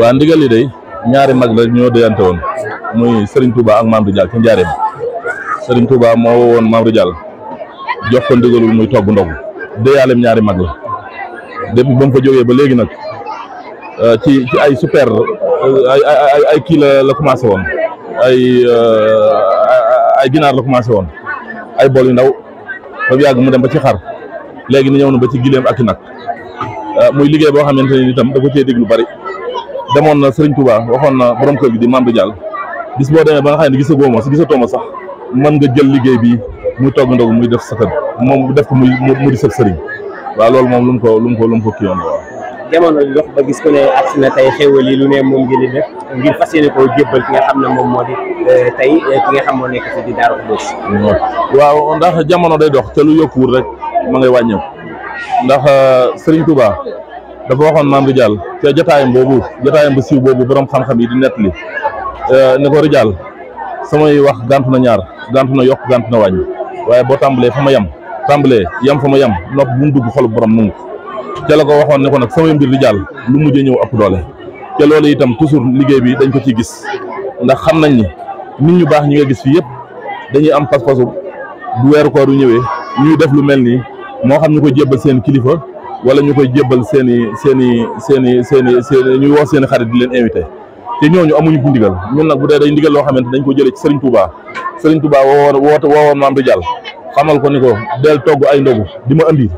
waa ndigal li day ñaari mag la ñoo déyante woon muy Serigne Touba ak Mamadou Diall ci njaareem Serigne Touba moo woon Mamadou Diall jox ko ndigalul muy togg ndogu déyaaleem ñaari mag la depuis ba ko fa jógee ba léegi nag euh, ci ci ay super ay ay kii la la commencé woon ay euh, ay ginaar la commencé woon ay bool yu ndaw ba yàgg mu dem ba ci xar léegi ni ñëw na ba ci gileem ak i nag euh, muy liggéey boo xamante ne itam da ko cee lu bari. demoon na Serigne Touba waxoon na borom kër gi di Mame jàll gis boo demee ba nga xam ne gisagoo ma si gisatoo ma sax man nga jël liggéey bi muy togg ndogu muy def sa kër moom def ko muy mu di sëf sëriñ waaw loolu moom mu ko lu mu lu mu ko kii woon waaw. jamono bi dox ba ko ne agsi na tey xéwal lu ne moom ngeen def ngir fas yéene koo jébbal ki nga xam ne moom moo di eh, eh, ki nga xam moo di Darou Khoudoss. waaw ndax jamono day dox te lu yokkuwul rek ma ngay wàññeeku ndax eh, Serigne Touba. dafa waxoon maam Rijal te jotaayam boobu jotaayam bu siiw boobu borom xam-xam yi di nettali euh, ne ko Rijal samay wax gàntu na ñaar gàntu na yokk gàntu na wàññi waaye boo tàmbalee fa ma yem tàmbalee yam fa ma yem nopp bu mu dugg xolu borom nangu ca la ko waxoon ne ko nag samay mbir Rijal lu mujjee ñëw ëpp doole te loolu itam toujours liggéey bi dañ ko ci gis ndax xam nañ ni nit ñu baax ñu nga gis fii yëpp dañuy am pas-pasu bu weeru ko yu ñëwee ñuy def lu mel nii moo xam ñu ko jébbal seen kilifa. wala ñu koy jébbal seen i seen i seen i seen i seen ñuy wax seen i xarit di leen invité te ñooñu amuñu bu ndigal ñun nag bu dee dañ ndigal loo xamante dañ ko jëlee ci Serigne Touba Serigne Touba woo woo woowoon maam du jàll xamal ko ni ko del togg ay ndogu di ma andi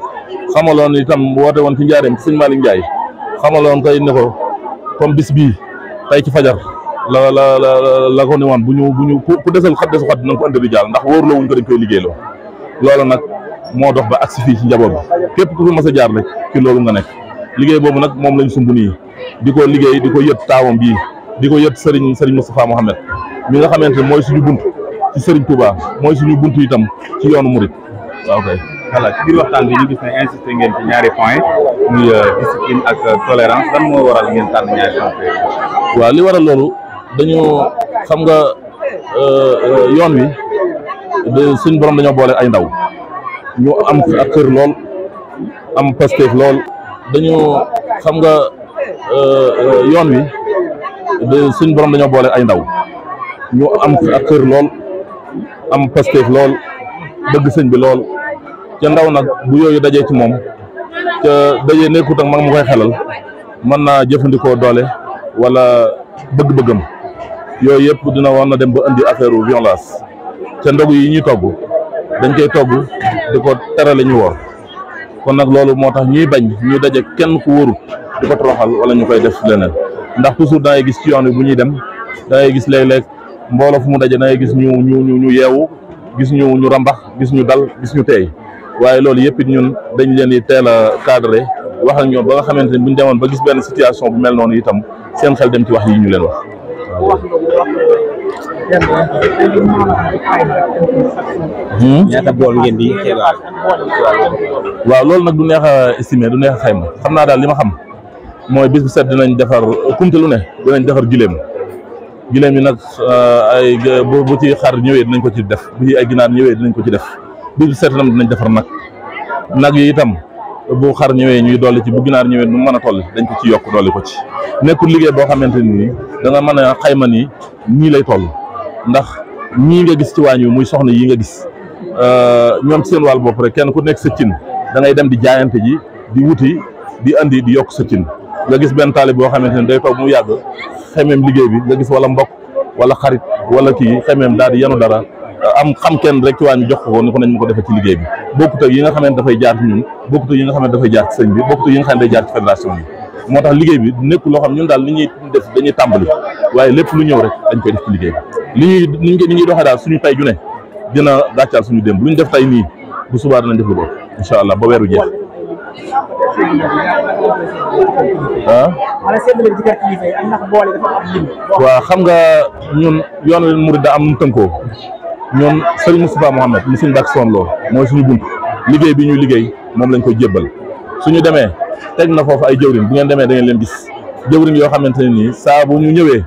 xamaloon itam woote woon ci njaareem ci sëñ Malick Ndiaye xamaloon koy ne ko comme bis bii tey ci fajar la la la la ko ne woon bu ñu bu ñu ku desal xat desu xat dinañ ko ndax wóorloo wuñ ko dañ koy liggéeyloo loolu nag moo dox ba agsi fii ci njaboot bi képp ku fi mas a jaar rek ci loolu nga nekk liggéey boobu nag moom lañ sumb nii di ko liggéey di ko yët taawam bii di ko yët Serigne Serigne Moustapha Mohamed mi nga xamante ne mooy suñu bunt ci Serigne Touba mooy suñu bunt itam ci yoonu murit waaw kay waxtaan bi ñu gis ne insisté ngeen ci ñaari point euh, euh, moo waral ngeen tànn li waral loolu dañu xam nga euh, yoon wi suñ borom dañoo boole ay ndaw ñu am ak kër lool am Pastef lool dañoo xam nga euh, yoon wi de suñ borom dañoo boole ay ndaw ñu am ak kër lool am Pastef lool dëgg sëñ bi lool ca ndaw nag bu yooyu dajee ci moom ca dajee nekkut ak mag ma koy xelal mën naa jëfandikoo doole wala bëgg-bëggam yooyu yëpp dina won na dem ba indi affaire violence ca ndog yi ñuy togg dañ koy togg di ko terale ñu wor kon nag loolu moo tax ñuy bañ ñuy daje kenn ku wóorut di ko toroxal wala ñu koy def leneen ndax toujours da gis ci yoon bi bu ñuy dem da ngay gis léeg-léeg mbooloo fu mu daje da gis ñu ñu ñu yeewu gis ñu ñu rambax gis ñu dal gis ñu teey waaye loolu yëpp ñun dañ leen di teel a cadré wax ak ñoom ba nga xamante ni buñ demoon ba gis benn situation bu mel noonu itam seen xel dem ci wax yi ñu leen wax. Hmm? ñaata bool waaw loolu nag du neex a estimé du neex a xayma xam naa daal li ma xam mooy bis bu set dinañ defar kumte lu ne dinañ defar gileem gileem yi nag euh, ay boobu ci xar ñëwee dinañ ko ci def bu ay ginaar ñëwee dinañ ko ci def bis bu set dinañ defar nag nag yi itam. bu xar ñëwee ñuy dolli ci bu ginaar ñëwee nu mën a toll dañ ko ci yokk dolli ko ci nekkul liggéey boo xamante ni da mën a xayma nii nii lay toll ndax ñii nga gis ci waañ wi muy soxna yi nga gis euh, ñoom seen wàll bopp rek kenn ku nekk sa cin dangay dem di jaayante ji di wuti di indi di yokk sa cin nga gis benn taalib boo xamante ni day toog mu yàgg xemeem liggéey bi nga gis wala mbokk wala xarit wala kii xemeem daal yenu yanu dara am xam kenn rek ci waañ bi jox ko ni ko nañ ma ko defee ci liggéey bi bokkut yi nga xam ne dafay jaar ci ñun bokkut yi nga xam ne dafay jaar ci sëñ bi bokkut yi nga xam ne day jaar ci fédération bi moo tax liggéey bi nekkul loo xam ñun daal li ñuy def dañuy tàmbali waaye lépp lu ñëw rek dañ koy def ci liggéey bi li ñuy ni ñuy doxee daal suñu tay ju ne dina gàccaal suñu démb lu ñu def tay nii bu subaa danañ def lu boobu incha allah ba weeru jeex ah. waaw xam nga ñun yoon wi murid da am nu ñoom Serigne Moustapha Mohamed mu suñ bàkk soon mooy suñu bunt liggéey bi ñuy liggéey moom lañ ko jébbal suñu demee teg na foofu ay jëwrin bu ngeen demee da ngeen leen gis jëwrin yoo xamante ne nii saa bu ñu ñëwee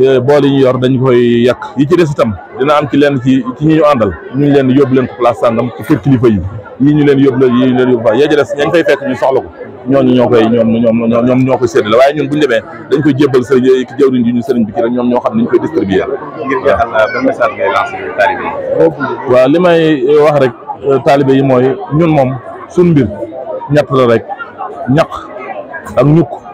eh, bool yi ñu yor dañ koy yàq yi ci des itam dina am ci leen ci ci ñi ñu àndal ñu leen yóbbu leen ko place sàngam ci kër kilifa yi yii ñu leen yóbbu la yii ñu leen yóbbu fa yee ci des ñañ fay fekk ñu soxla ko ñooñu ñoo koy ñoom ñoom ñoom ñoo koy séddale waaye ñun bu ñu demee dañ koy jébbal sëriñ ki jawriñ ji ñu sëriñ bi kii rek ñoom ñoo xam ne ñu koy distribuer euh, waaw li may euh, wax rek euh, taalibe yi mooy ñun moom suñ mbir ñett la rek ñaq ak ñukk